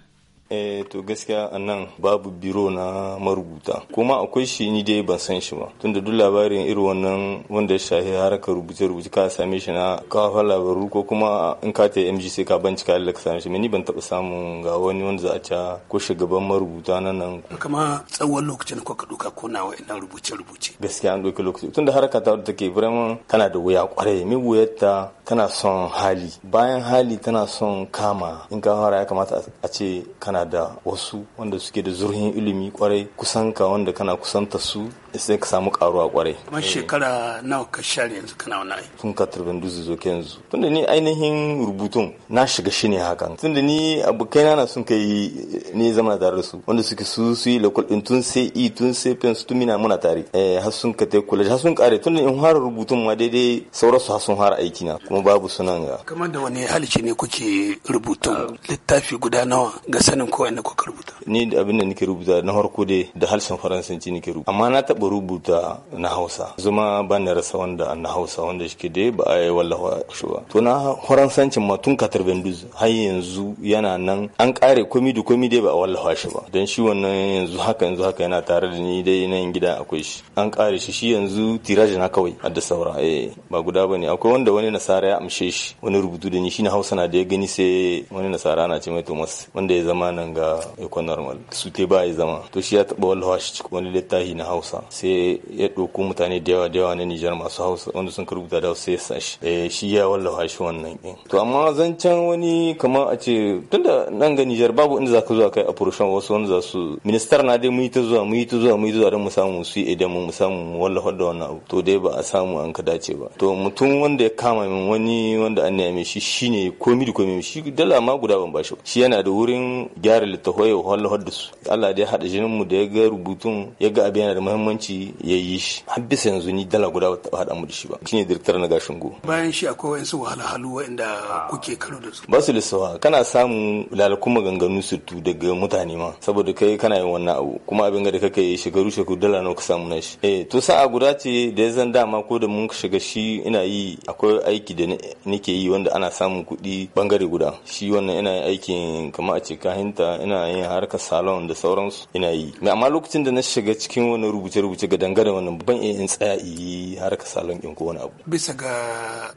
eh to gaskiya a nan babu biro na marubuta kuma akwai shi ni dai ban san shi ba tunda duk labarin irin wannan wanda ya shahi harkar rubuce rubuce ka same shi na kafa labaru ko kuma in ka ta MGC ka bincika ka ka same shi ni ban taba samun ga wani wanda za a ca ko shugaban marubuta na nan kama tsawon lokacin ko ka duka ko na wa'annan rubuce rubuce gaskiya an doki lokaci tunda harka ta take vraiment tana da wuya kwarai mi wuyarta tana son hali bayan hali tana son kama in ka fara ya kamata a ce kana kana da wasu wanda suke da zurhin ilimi kwarai kusanka wanda kana kusanta su sai ka samu karuwa kwarai kamar eh. shekara nawa ka share yanzu kana wani aiki tun ka turban duzu zo ke yanzu da ni ainihin rubutun na shiga shi ne hakan da ni abokaina na sun kai ne zama tare da su wanda suke su su yi lokal tun sai i e, tun sai pen su tumina muna tare eh har sun ka tai kula har sun kare da in fara rubutun ma daidai sauran su har sun fara aiki na kuma babu sunan ga kamar da wani halice ne kuke rubutun ah. littafi guda nawa ga sanin ko wanda kuka rubuta ni da abin da nake rubuta na farko dai da harshen faransanci nake rubuta amma na taɓa rubuta na hausa zuma ba na rasa wanda na hausa wanda shike dai ba a yi wallafa shi ba to na faransancin ma tun benduz har yanzu yana nan an kare komi da komi dai ba a wallafa shi ba don shi wannan yanzu haka yanzu haka yana tare da ni dai nan gida akwai shi an ƙare shi shi yanzu tiraji na kawai a da saura eh ba guda ne akwai wanda wani nasara ya amshe shi wani rubutu da ni shi na hausa na da ya gani sai wani nasara ana ce mai thomas wanda ya zama nan ga econormal su te ba ya zama to shi ya taɓa wallafa shi cikin wani littafi na hausa sai ya ɗauko mutane da yawa da yawa na Nijar masu Hausa wanda sun rubuta da sai ya shi eh, shi ya wallafa shi wannan ɗin to amma zancen wani kamar a ce tunda nan ga Nijar babu inda zaka zuwa kai furushan wasu wanda za su ministar na dai mu yi ta zuwa mu yi ta zuwa mu yi ta zuwa don mu samu su yi idan mu samu mu wallafa da wannan abu to dai ba a samu an ka dace ba to mutum wanda ya kama min wani wanda an neme shi shine komi da komi shi dala ma guda ban bashi shi yana da wurin gyara littafai ya wallafa da su Allah dai hada jinin mu da ya ga rubutun ya ga abin yana da muhimmanci shugabanci ya yi shi har bisa yanzu ni dala guda ba taɓa haɗa mu da shi ba shine direktar na gashin go bayan shi akwai wasu wahalhalu waɗanda kuke karo da su ba su lissawa kana samun lalakun maganganu tu daga mutane ma saboda kai kana yin wannan abu kuma abin da kake yi shekaru shekaru dala nawa ka samu na shi eh to sa'a guda ce da ya zan dama ko da mun shiga shi ina yi akwai aiki da nake yi wanda ana samun kuɗi bangare guda shi wannan ina yin aikin kamar a ce kahinta ina yin harkar salon da sauransu ina yi amma lokacin da na shiga cikin wani rubuce rubuce ga dangane wannan ban in tsaya yi har ka salon in ko wani abu bisa ga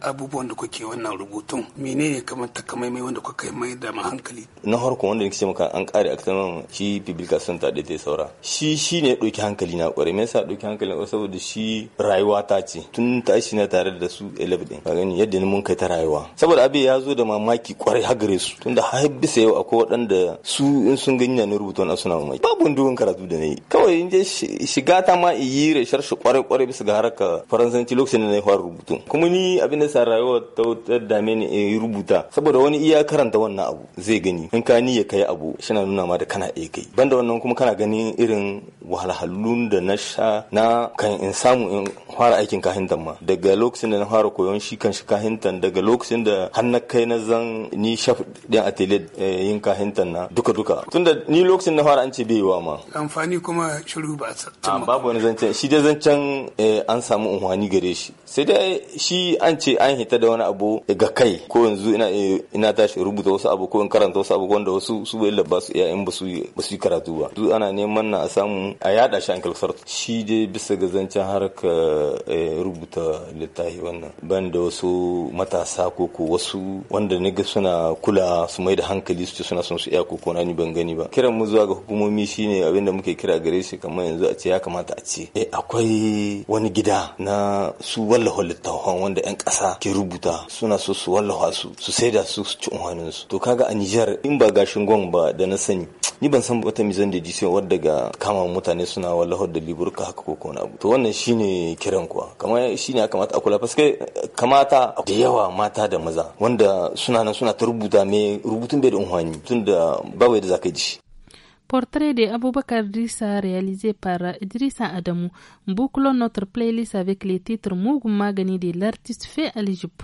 abubuwan da kuke wannan rubutun menene kamar ta kamai mai wanda kuka mai da ma hankali na harko wanda nake ce maka an kare a kan shi publication ta da dai saura shi shi ne doki hankali na kware me yasa doki hankali na saboda shi rayuwa ta ce tun tashi na tare da su 11 din ka gani yadda ni mun kai ta rayuwa saboda abin ya zo da mamaki kware har gare su tunda har bisa yau akwai waɗanda su in sun gani na rubutun asuna suna mamaki babu wani karatu da na kawai in je shiga ta ma i yi shi kwarai kwarai bisa ga haraka faransanci lokacin da na fara rubutu kuma ni abin da sa rayuwa ta dame ni in rubuta saboda wani iya karanta wannan abu zai gani in ka ni ya kai abu na nuna ma da kana iya kai banda wannan kuma kana ganin irin wahalhalun da na sha na kan in samu in fara aikin kahintan ma daga lokacin da na fara koyon shi kan shi kahintan daga lokacin da har na kai na zan ni shaf din atelier eh, yin kahintan na duka duka tunda ni lokacin na fara an ce bai wa ma amfani kuma shiru ba a babu wani zancen shi dai zancen eh, an samu unhwani gare shi sai dai shi an ce an hita da wani abu ga kai ko yanzu ina eh, ina tashi rubuta wasu abu ko in karanta wasu abu wanda wasu su bai labba su iya in su yi karatu ba duk ana neman na a samu a yada shi an kalsar shi dai bisa ga zancen ka eh, rubuta littafi wannan ban da wasu matasa ko ko wasu wanda ne ga suna kula su mai da hankali su ce suna son su iya ko na ni ban gani ba kiran mu zuwa ga hukumomi shine abin da muke kira gare shi kamar yanzu a ce ya kamata a ce e akwai wani gida na su wallahu littafan wanda yan kasa ke rubuta suna so su wallafa su su saida su su ci unhanin su to kaga a Nijar in ba gashin gwam ba da na sani ni ban san wata mizan da sai wadda ga kama mutane suna wallafa da liburka haka ko kona to wannan shine kiran kuwa kamar shine kamata a kula paske kamata da yawa mata da maza wanda suna nan suna ta rubuta me rubutun bai da unhani tunda ba wai da zaka ji Portrait de Aboubakar Drissa réalisé par Idrissa Adamou. Bouclons notre playlist avec les titres Mougou Magani de l'artiste fait à l'Égypte.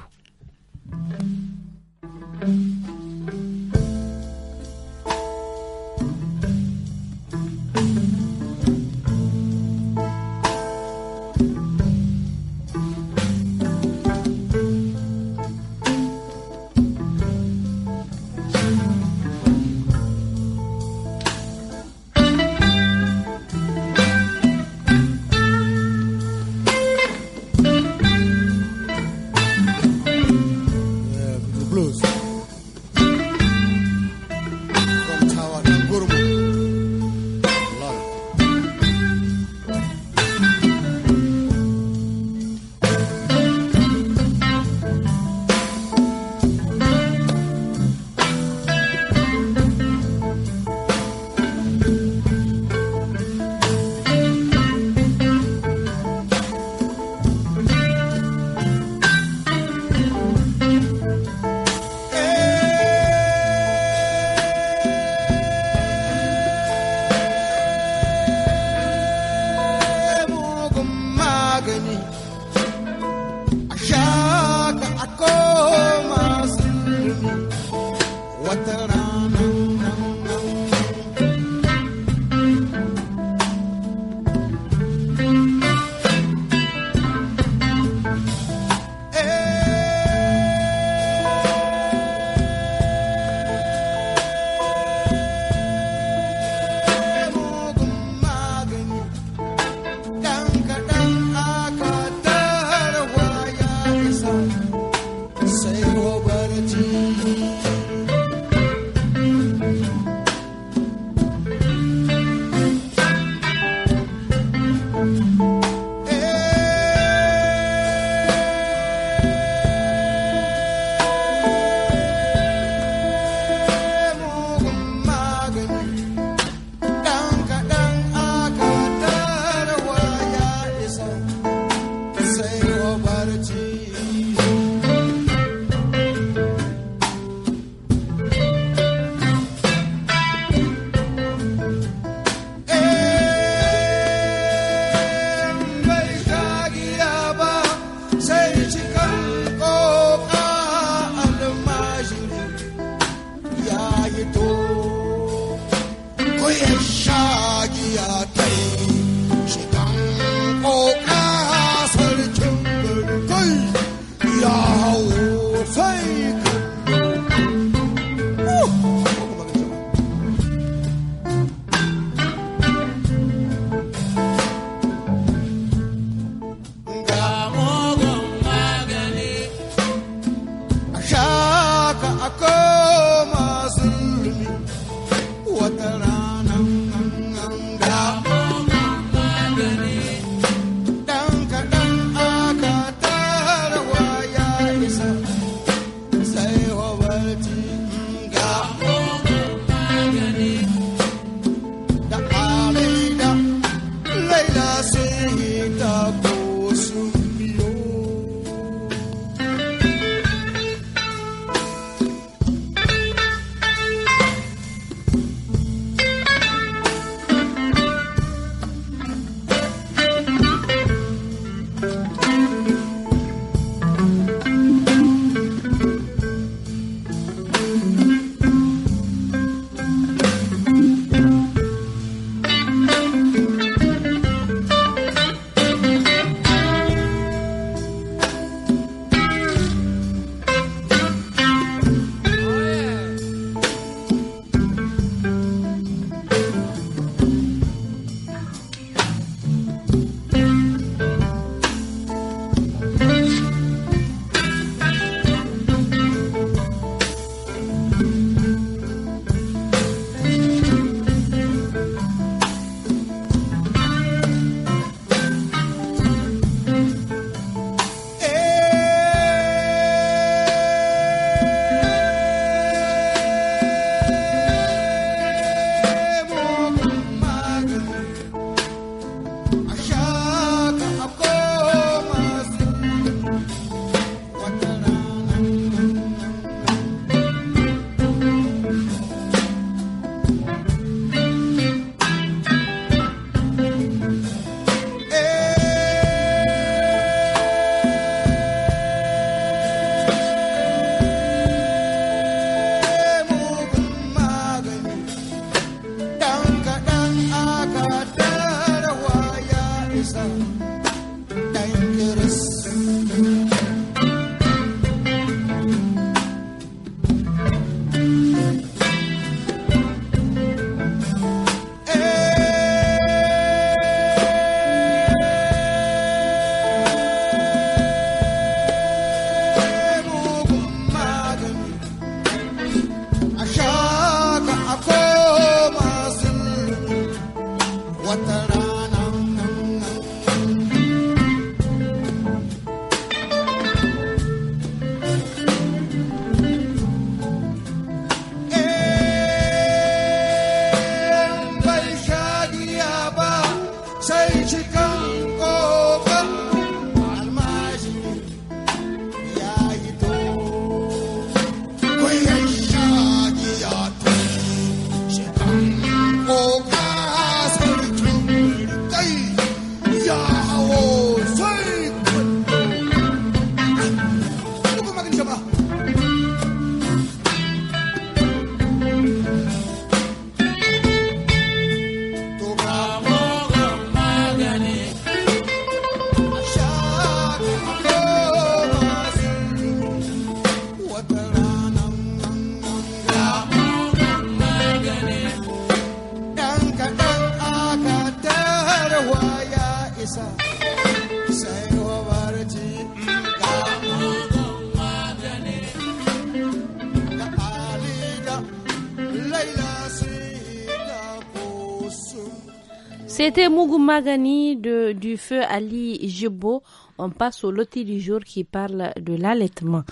C'était Mougou Magani de, du feu Ali Jebo. On passe au loti du jour qui parle de l'allaitement.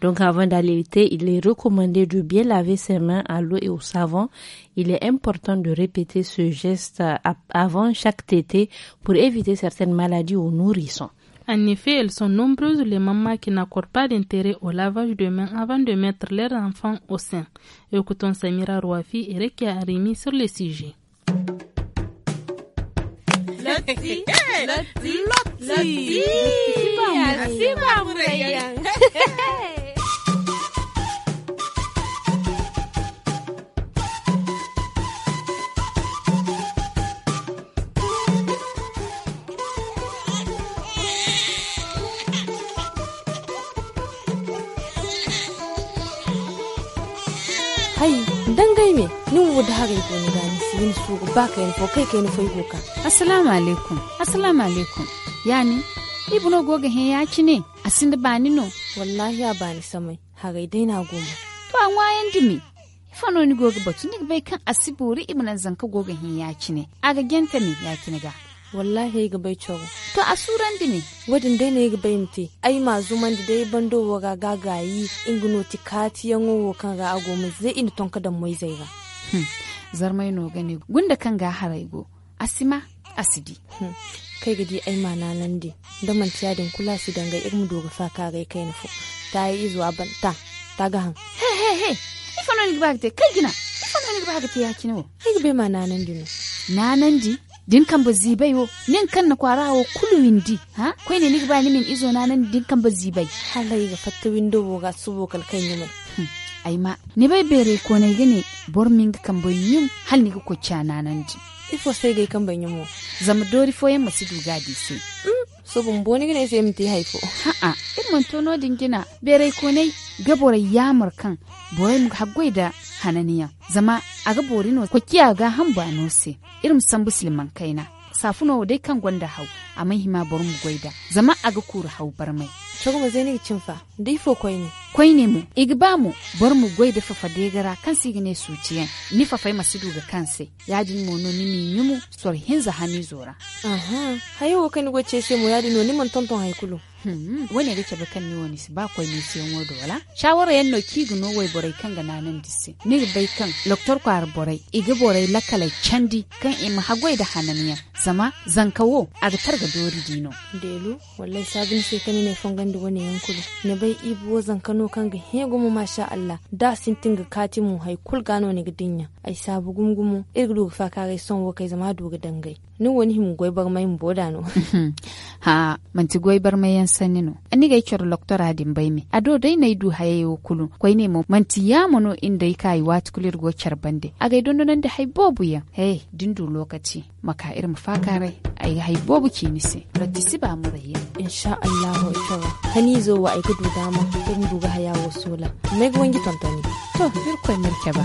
Donc avant d'allaiter, il est recommandé de bien laver ses mains à l'eau et au savon. Il est important de répéter ce geste avant chaque tétée pour éviter certaines maladies aux nourrissons. En effet, elles sont nombreuses les mamans qui n'accordent pas d'intérêt au lavage de mains avant de mettre leur enfant au sein. Écoutons Samira Rouafi et Rekia Arimi sur le sujet. Lotzi, Lotzi, Lotzi. Así vamos, Reyyan. Hai, dangai me, nung wudhagai ko ni yin su ba ka yin fo kai ka yin fo iko ka assalamu alaikum assalamu alaikum yani ibno goga he ya ci ne a sinda ba ni no wallahi ya ba ni samai harai dai na goma to an wayan dimi fano ni goga batu ni bai kan asibori ibnan zanka goga he ya ci ne a ga genta ne ya ki ga wallahi yi gabai cewa to a suran dini. wadin dai ne ga bai mte ai ma Zuma, da dai bando ga gagayi ingino tikati yan wo kan ga ago mu zai ina tonka da mai zai ga hmm. zarmai no gane gunda kan ga haraigo asima asidi hmm. kai gidi ai mana nan de da mantiya din kula su danga irin dogo fa ka gai kai nufu ta yi izuwa ban ta ta ga han he he he ifano ni ba te kai gina ifano ni ba te ya kino kai be mana nan di na nanan di din kan ba zibai wo nin kan na kwara wo kuluwin di ha kai ne ni ba ni min izo nan din kan ba zibai halai ga fatta window ga subo kalkan yi mai hmm. ayma ni bai bere konay gane bor minga kan hal ni ko ji ifo sai ga kan mu zama dori fo yan su duga sai mm, so bun boni gane sai mti haifo ha'a in mun tono dingina bere konai gabore kan borai mu haggoi da hananiya zama a ga bori no ko kiya ga han ba no sai irin san musliman kaina safuno dai kan gwanda hau a hima bor mu goida zama a ga kura hau barmai chogo ba zai ni cin fa difo koy ne ne mu igba mu bar mu goy fafa degara kan sigine suciyan ni masu ma sidu ga se yadin mu no ni min yumu sor hinza hani zora aha hayo kan goce se mu yadin no ni man tonton haikulu Hmm. wani ke ba kan wani ba kwai ni siyan do wala shawara yan no ki no wai borai kan gana nan disi ni bai kan loktor kwar borai iga borai lakala candi kan ima hagwai da hananiya zama zankawo a ga targa dori dino delu wallahi sabin sai kan ne fongan da wani yankulu ne bai ibuwo zankano kanga ma masha Allah da sintinga mu hay kul gano ne gidinya ai sabu gumgumu irgudu fa kare son wo kai zama doga dangai ni wani him goi bar mai boda no ha manti goi bar mai yan sanni no ani ga ikyor doctor adin bai mi ado dai nai du haye yo kulu koi ne mo manti ya mono inda kai wat kulir go char bande aga don nan da hay bobu ya hey dindu lokaci maka irin fakare ai hai bobu ki ni se si ba mu rayi insha Allah ikyor kani zo wa ai kudu dama kani duga haya wo sola mai gwangi tani to bir koy mirke ba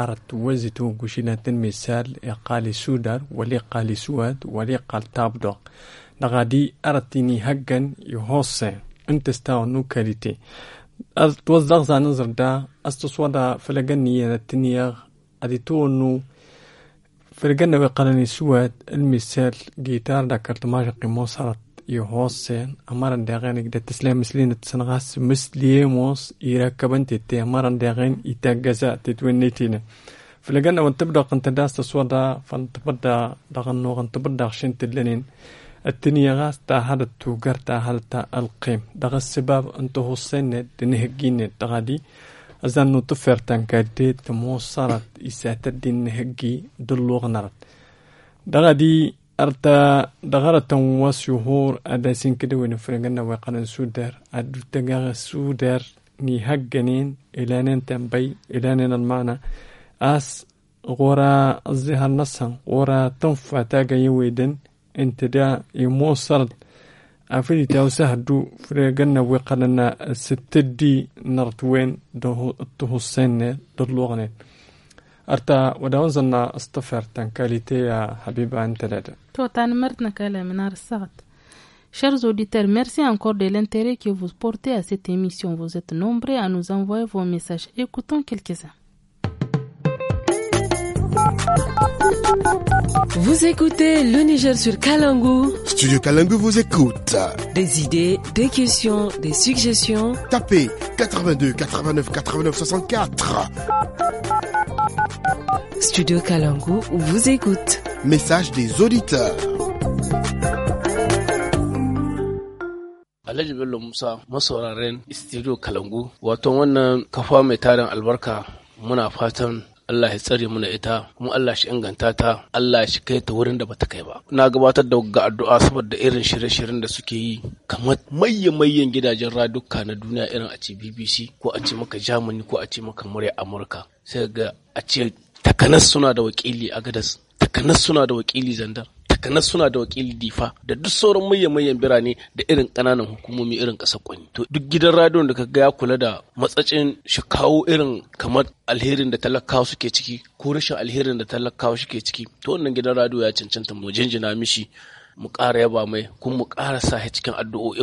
أردت وزتو قشينا تنمي سال سودر ولي سواد وليقال تابدو نغادي أردتني هجن يهوسي انت استاو نوكاليتي توزغ زا دا استصودا فلقاني التنيغ أدي تونو فلقاني وقالني سواد المثال جيتار دا كرتماجقي موسرة يهوسين أمر داغين إذا تسلم مسلين تسنغاس مسليموس يركبن تتي أمر داغين يتجزا تتونيتينا فلقنا ونتبدأ تبدا قنت داس تسودا فنتبدأ تبدا داغن وان تبدا خشين تدلنين التنيا غاس تا التوجر التوغر تا هاد تا القيم داغ السباب انتو هوسين دنهجين تغادي أزان نتفر تنكادي تموصرت إساتد النهجي دلوغ نرد دغدي arta dhakaratan wasuhur adaisinka dhawena furagana waqaran sudar adutagaa sudar ni hagganen ilanen tambay ilanen almana as qora zihar nasan qora tanfa tagaya wedan intada imosal afidita usahdu furagana waqarana satadi nartwen tuhusene dadluqnen arta wadawanzana astafertan kaliteya Habiba Anteled. Totan Mertnakale Menarsat. Chers auditeurs, merci encore de l'intérêt que vous portez à cette émission. Vous êtes nombreux à nous envoyer vos messages. Écoutons quelques-uns. Vous écoutez le Niger sur Kalangou. Studio Kalangou vous écoute. Des idées, des questions, des suggestions. Tapez 82 89 89 64. Studio Kalangou vous écoute. Message des auditeurs. Studio Kalangu, wannan kafa mai tarin albarka muna Allah ya tsare mana ita kuma Allah shi inganta ta Allah shi kai ta wurin da bata kai ba na gabatar da ga addu'a saboda irin shirye-shiryen da suke yi kamar mayyan gidajen raduka na duniya irin a ce BBC ko a ce maka Germany ko a ce maka murya Amurka sai ga a ce takanas suna da wakili a gadas takanas suna da wakili zandar takanas suna da wakili difa da duk sauran mayan birane da irin ƙananan hukumomi irin ƙasar kwani to duk gidan radiyon da kaga ya kula da matsacin shi kawo irin kamar alherin da talakawa suke ciki ko rashin alherin da talakawa suke ciki to wannan gidan radiyo ya cancanta mu jinjina mishi mu ƙara yaba mai kuma mu ƙara sa shi cikin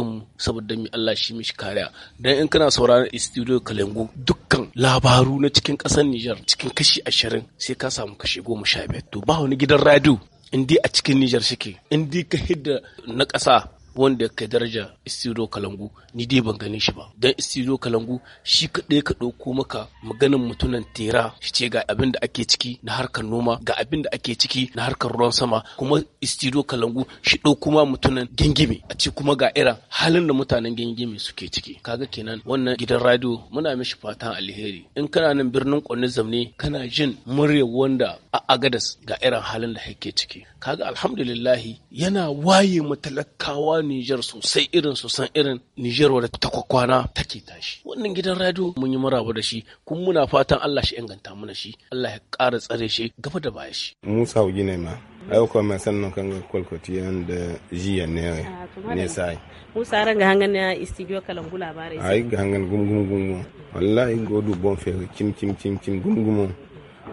mu saboda mi Allah shi mishi kariya dan in kana sauraron studio Kalengu dukkan labaru na cikin ƙasar Niger cikin kashi ashirin sai ka samu kashi goma sha biyar to ba wani gidan radio in a cikin Nijar shike in di ka hidda na ƙasa wanda ka daraja istiro kalangu ni dai ban gane shi ba dan istiro kalangu shi kaɗai ka ɗauko maka maganin mutunan tera shi ce ga abin da ake ciki na harkar noma ga abin da ake ciki na harkar ruwan sama kuma istiro kalangu shi ɗauko ma mutunan gingime a ce kuma ga irin halin da mutanen gingime suke ciki kaga kenan wannan gidan radio muna mishi fatan alheri in kana nan birnin kwanne zamne kana jin murya wanda a agadas ga irin halin da yake ciki kaga alhamdulillahi yana waye matalakawa talakawa Nijar sosai irin su san irin Nijar wadda ta kwakwana take tashi wannan gidan radio mun yi maraba da shi kuma muna fatan Allah shi inganta mana shi Allah ya ƙara tsare shi gaba da baya shi Musa ne ma ai ko mai sannan kan kwalkwati da jiya ne ah, ne sai Musa ran ga hangan na istigiyo kalangu labarai ai ga hangan gungun gungun wallahi godu bon fe kim kim kim kim gungun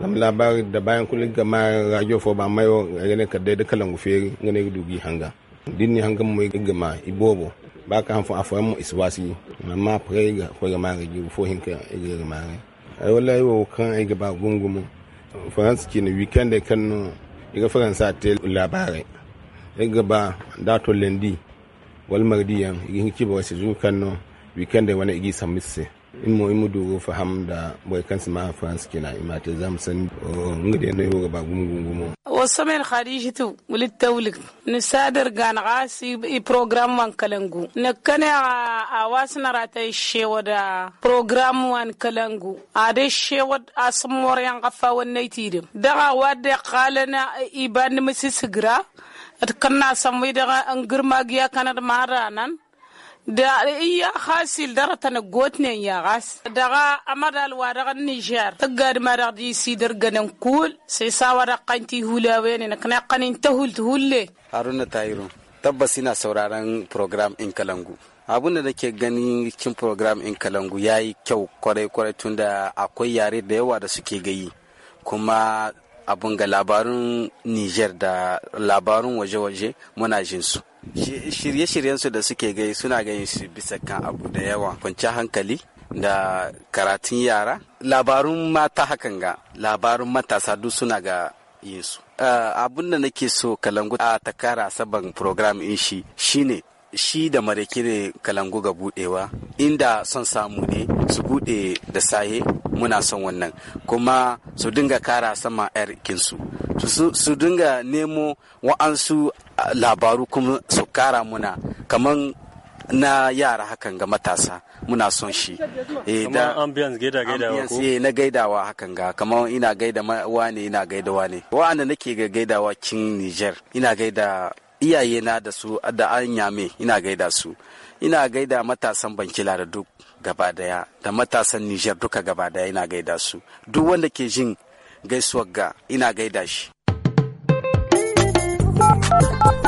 nam labar da bayan ga gama radio fo ba mayo da kadde de fere nguferi ngene dubi hanga dinni hanga mu ga ma ibobo ba ka hanfa afa mu iswasi ma pre ga ga ma ga ju fo ka ga gama ai wallahi wo kan ai gaba gungumu france ki ne weekend kan no iga faransa te labare ga gaba da to lendi wal mardiyan iga ki ba wasu kan no weekend wani igi samisse in mu mu dogo faham da boy kan sama france kina imate zam san ngade no yoga ga gum gungumo gum o samel tu wulit tawlik ni sadar gan gasi i program wan kalangu ne kane a wasna rata shewa da program wan kalangu a de shewa asmor yan gafa wannan tidim daga wadda qalana iban misisigra at kanna samwi an girma giya kanar maranan da iya hasil dara na gotnen ya gas daga amadal wa daga niger tagad ma daga disi darganan kul sai wa da kanti hula ne na kana kanin tahul hulle haruna tayiro tabbas ina sauraron program in kalangu abun da nake gani cikin program in kalangu ya yi kyau kwarai kwarai tunda akwai yare da yawa da suke gayi kuma abun ga labarun niger da labarun waje-waje muna jinsu shirye-shiryensu da suke gai suna gani su bisa kan abu da yawa kwanciyar hankali da karatun yara labarun mata hakan ga labarun matasa duk suna ga yinsu eh, abun da nake so kalangu a takara saban program in shi shine shi da mareke ne kalangu ga budewa inda son samu ne su bude da saye muna son wannan kuma su dinga kara sama yar su su dinga nemo wa'ansu labaru kuma su kara muna kamar na yara hakan ga matasa muna son shi eh, eh na gaidawa hakan ga kamar ina gaida wane ina gaida ne wa'anda nake ga gaidawa cin Niger ina gaida iyaye na da su da anyame ina gaida su ina gaida matasan bankila da duk gaba daya da matasan Niger duka gaba daya ina gaida su duk wanda ke jin gaisuwar ga ina gaida shi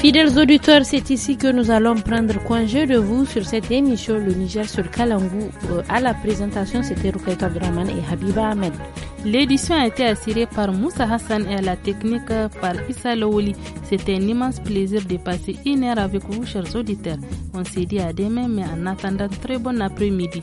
Fidèles auditeurs, c'est ici que nous allons prendre congé de vous sur cette émission Le Niger sur Kalangou. Euh, à la présentation, c'était Rukaita et Habiba Ahmed. L'édition a été assurée par Moussa Hassan et à la technique par Issa Lowoli. C'était un immense plaisir de passer une heure avec vous, chers auditeurs. On se dit à demain, mais en attendant, très bon après-midi.